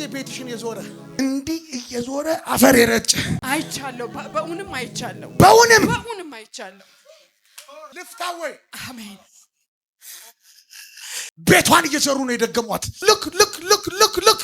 ጊዜ ቤትሽን የዞረ እንዲህ እየዞረ አፈር የረጨ አይቻለሁ። በእውንም አይቻለሁ። በእውንም በእውንም አይቻለሁ። ልፍታ ወይ አሜን። ቤቷን እየዘሩ ነው የደገሟት። ልክ ልክ ልክ ልክ ልክ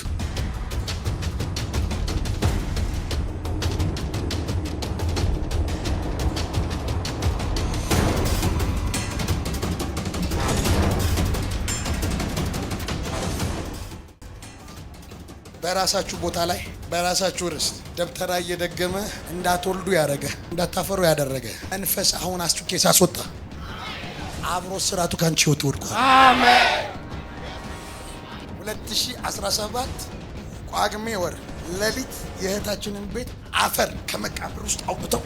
በራሳችሁ ቦታ ላይ በራሳችሁ ርስት ደብተራ እየደገመ እንዳትወልዱ ያደረገ እንዳታፈሩ ያደረገ መንፈስ አሁን አስቹ ኬስ አስወጣ። አብሮ ስራቱ ካንቺ ህይወት ወድቋል። አሜን። 2017 ቋግሜ ወር ሌሊት የእህታችንን ቤት አፈር ከመቃብር ውስጥ አውጥተው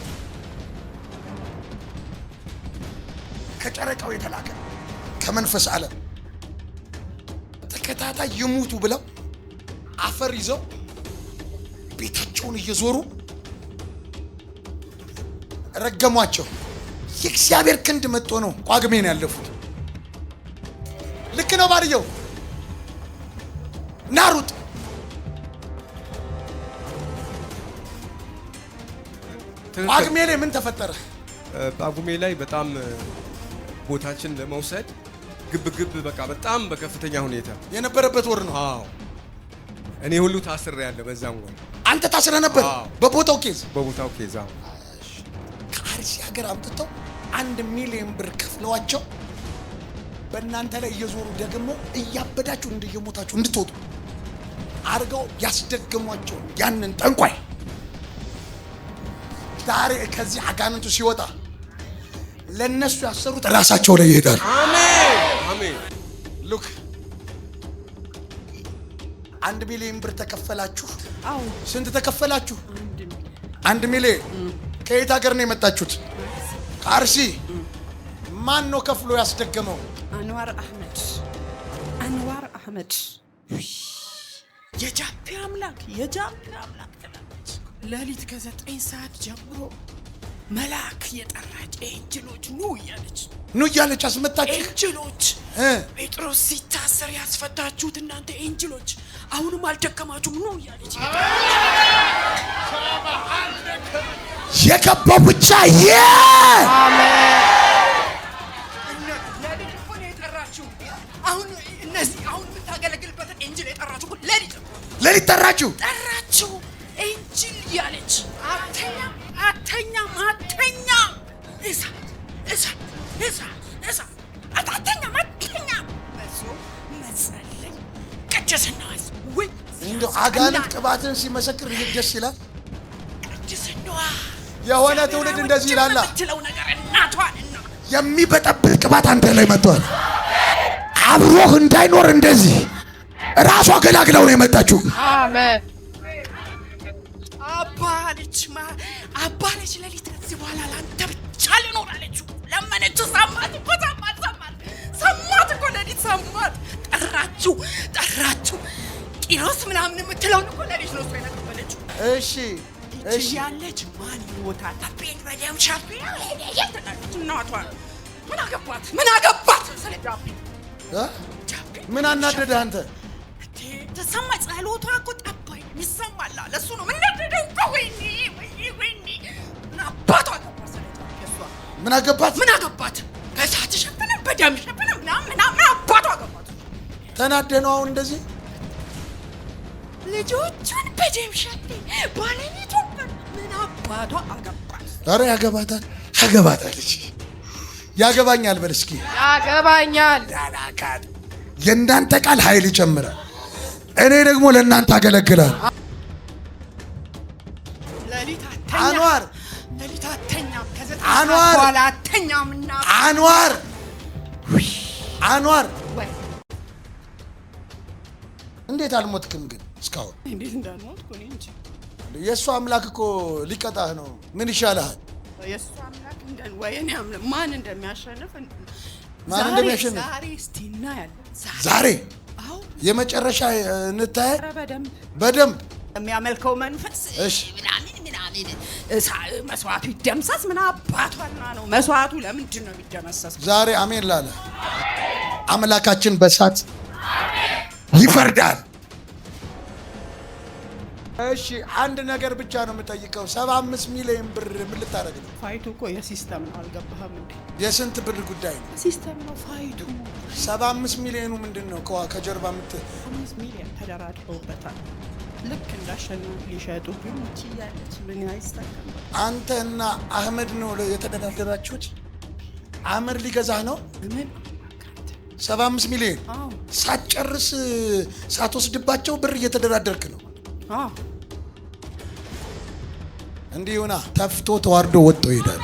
ከጨረቃው የተላከ ከመንፈስ ዓለም ተከታታይ ይሙቱ ብለው አፈር ይዘው ቤታቸውን እየዞሩ ረገሟቸው። የእግዚአብሔር ክንድ መጥቶ ነው ቋግሜን ያለፉት። ልክ ነው። ባልየው ናሩጥ ጳጉሜ ላይ ምን ተፈጠረ? ጳጉሜ ላይ በጣም ቦታችን ለመውሰድ ግብግብ በቃ በጣም በከፍተኛ ሁኔታ የነበረበት ወር ነው። አዎ እኔ ሁሉ ታስሬ ያለ በዛም ወር አንተ ታስረ ነበር በቦታው ኬዝ በቦታው ኬዝ። አሁን ከአርሲ ሀገር አምጥተው አንድ ሚሊዮን ብር ከፍለዋቸው በእናንተ ላይ እየዞሩ ደግሞ እያበዳችሁ እንደየሞታችሁ እንድትወጡ አድርገው ያስደገሟቸውን ያንን ጠንቋይ ዛሬ ከዚህ አጋንንቱ ሲወጣ ለእነሱ ያሰሩት ራሳቸው ላይ ይሄዳል። አሜን አሜን ሉክ አንድ ሚሊዮን ብር ተከፈላችሁ? አዎ። ስንት ተከፈላችሁ? አንድ ሚሊዮን። ከየት ሀገር ነው የመጣችሁት? ከአርሲ። ማን ነው ከፍሎ ያስደገመው? አንዋር አህመድ። አንዋር አህመድ የጃፒ አምላክ፣ የጃፒ አምላክ ትላለች። ሌሊት ከዘጠኝ ሰዓት ጀምሮ መልአክ የጠራች ኤንጅሎች ኑ እያለች ኑ እያለች አስመታች። ኤንጅሎች ጴጥሮስ ሲታሰር ያስፈታችሁት እናንተ ኤንጅሎች አሁንም አልደከማችሁም ኑ እያለች የገባው ብቻ የ አሁን እነዚህ አሁን የምታገለግልበትን ኤንጅል የጠራችሁ ሌሊት ጠራችሁ ችል እያለች አተኛም አተኛም አተኛም እሳት እሳት እሳት እሳት አታተኛም አተኛም በዞ መጸለይ ቅድስናዋስ ወይ እንደ አጋንንት ቅባትን ሲመሰክር ይህ ደስ ይላል። ቅድስናዋ የሆነ ትውልድ እንደዚህ ይላላ ትለው ነገር እናቷ የሚበጠብጥ ቅባት አንተ ላይ መጥቷል። አብሮህ እንዳይኖር እንደዚህ ራሷ ገላግለው ነው የመጣችሁ። አሜን ማ አባለች ለሊት ከዚህ በኋላ ለአንተ ብቻ ልኖራለች። ለመነችው። ሰማት እኮ ሰማት ሰማት ሰማት እኮ ለሊት ሰማት። ጠራችሁ ጠራችሁ ቂሮስ ምናምን የምትለውን እኮ ለሊት ነው እሱ የነቀበለችው። እሺ እሺ ያለች ማን ይወታ ታፔን በደም ሻፍ እናቷ ምን አገባት? ምን አገባት? ስለ ጃፒ ምን አናደደ አንተ ተሰማ ጸሎቷ እኮ ጠባይ ይሰማላ። ለሱ ነው ምን እኮ ወይኔ ምን አባቷ ምን አገባት? ምን አገባት? ከሳት ሸፍነ በደም ሸፍነ ምን አባቷ አገባት? ተናደነው አሁን እንደዚህ ልጆቹን በደም ሸፍነ ባለቤቷ ምን አባቷ አገባት? ኧረ ያገባታል፣ ያገባታል። እሺ ያገባኛል በል እስኪ ያገባኛል። ዳናካል የእናንተ ቃል ኃይል ይጨምራል። እኔ ደግሞ ለእናንተ አገለግላለሁ። አንዋር አንዋር አንዋር አንዋር እንዴት አልሞትክም ግን እስካሁን? እንዴት እንዳልሞትኩ እኔ እንጂ። የእሱ አምላክ እኮ ሊቀጣህ ነው። ምን ይሻልሃል? የእሱ አምላክ ማን እንደሚያሸንፍ ማን እንደሚያሸንፍ ዛሬ እስቲ እናያለን። ዛሬ የመጨረሻ እንታይ በደንብ የሚያመልከው መንፈስ እሺ ምናምን መስዋዕቱ ይደምሰስ። ምን አባቷና ነው መስዋዕቱ? ለምንድን ነው የሚደመሰስ? ዛሬ አሜን ላለ አምላካችን በእሳት ይፈርዳል። እሺ አንድ ነገር ብቻ ነው የምጠይቀው። ሰባ 75 ሚሊዮን ብር ምን ልታደርግ ነው? ፋይቱ እኮ የሲስተም ነው። አልገባህም እንዴ? የስንት ብር ጉዳይ ነው? ሲስተም ነው ፋይቱ። 75 ሚሊዮኑ ምንድን ነው ከጀርባ ምት? 5 ሚሊዮን ተደራድረውበታል። ልክ እንዳሸኑ ሊሸጡ ምን አንተና አህመድ ነው የተደራደራችሁት? አህመድ ሊገዛህ ነው? ሰባ አምስት ሚሊዮን ሳትጨርስ ሳትወስድባቸው ብር እየተደራደርክ ነው። እንዲህ ተፍቶ ተዋርዶ ወጥቶ ይሄዳል።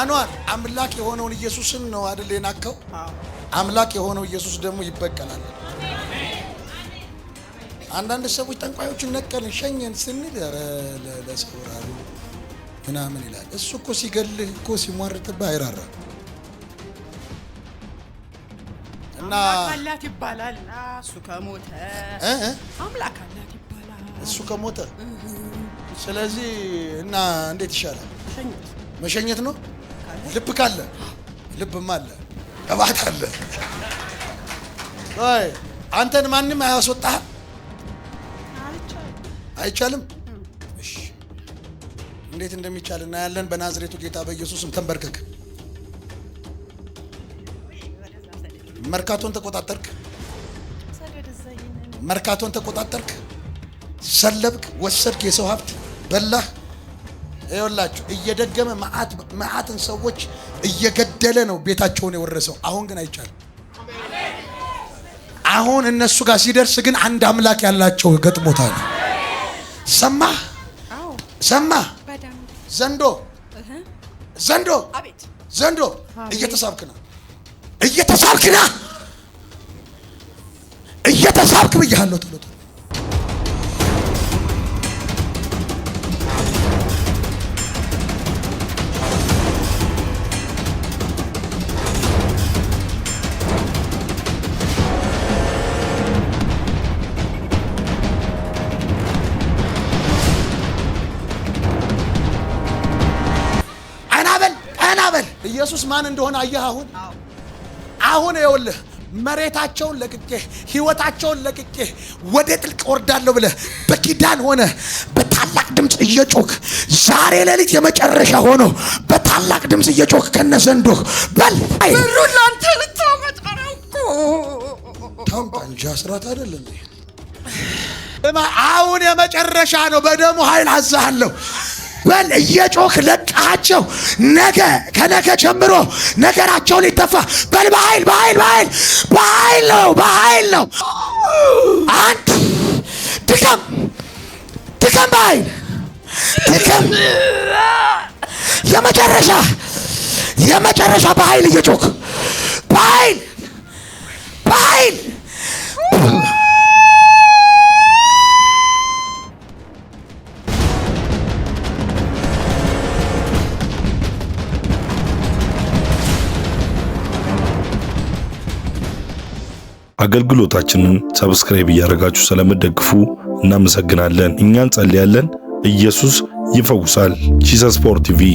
አኗር አምላክ የሆነውን ኢየሱስን ነው አድል ናከው። አምላክ የሆነው ኢየሱስ ደግሞ ይበቀላል። አንዳንድ ሰዎች ጠንቋዮችን ነቀልን ሸኘን ስንል ለሰውራሉ ምናምን ይላል። እሱ እኮ ሲገልህ እኮ ሲሟርትብህ አይራራ እና አላት ይባላል። እሱ ከሞተ አምላክ አላት ይባላል። እሱ ከሞተ ስለዚህ እና እንዴት ይሻላል? መሸኘት ነው። ልብ ካለ ልብም አለ፣ ቅባት አለ። አንተን ማንም አያስወጣህም። አይቻልም። እሺ እንዴት እንደሚቻል እናያለን። በናዝሬቱ ጌታ በኢየሱስም ተንበርከክ። መርካቶን ተቆጣጠርክ፣ መርካቶን ተቆጣጠርክ፣ ሰለብክ፣ ወሰድክ፣ የሰው ሀብት በላህ። ይኸውላችሁ እየደገመ መዓትን ሰዎች እየገደለ ነው ቤታቸውን የወረሰው። አሁን ግን አይቻልም። አሁን እነሱ ጋር ሲደርስ ግን አንድ አምላክ ያላቸው ገጥሞታል። ሰማህ ሰማ ዘንዶ ዘንዶ ዘንዶ እየተሳብክ ነው፣ እየተሳብክ ነው፣ እየተሳብክ ብያለሁ። ቶሎ ኢየሱስ ማን እንደሆነ አየህ። አሁን አሁን ይኸውልህ መሬታቸውን ለቅቄ ህይወታቸውን ለቅቄ ወደ ጥልቅ ወርዳለሁ ብለህ በኪዳን ሆነ በታላቅ ድምፅ እየጮክ ዛሬ ሌሊት የመጨረሻ ሆኖ በታላቅ ድምፅ እየጮክ ከነ ዘንዶህ በላይ ብሩ ላንተ ልታመጣ እኮ ታምጣ አይደለም። አሁን የመጨረሻ ነው። በደሙ ኃይል አዛሃለሁ በል እየጮክ ለጣቸው ነገ ከነገ ጀምሮ ነገራቸውን ሊተፋ በል በኃይል በኃይል በኃይል በኃይል ነው በኃይል ነው። አንድ ድከም ድከም በኃይል ድከም የመጨረሻ የመጨረሻ በኃይል እየጮክ አገልግሎታችንን ሰብስክራይብ እያደረጋችሁ ስለምደግፉ እናመሰግናለን። እኛን ጸልያለን። ኢየሱስ ይፈውሳል። ጂሰስ ስፖርት ቲቪ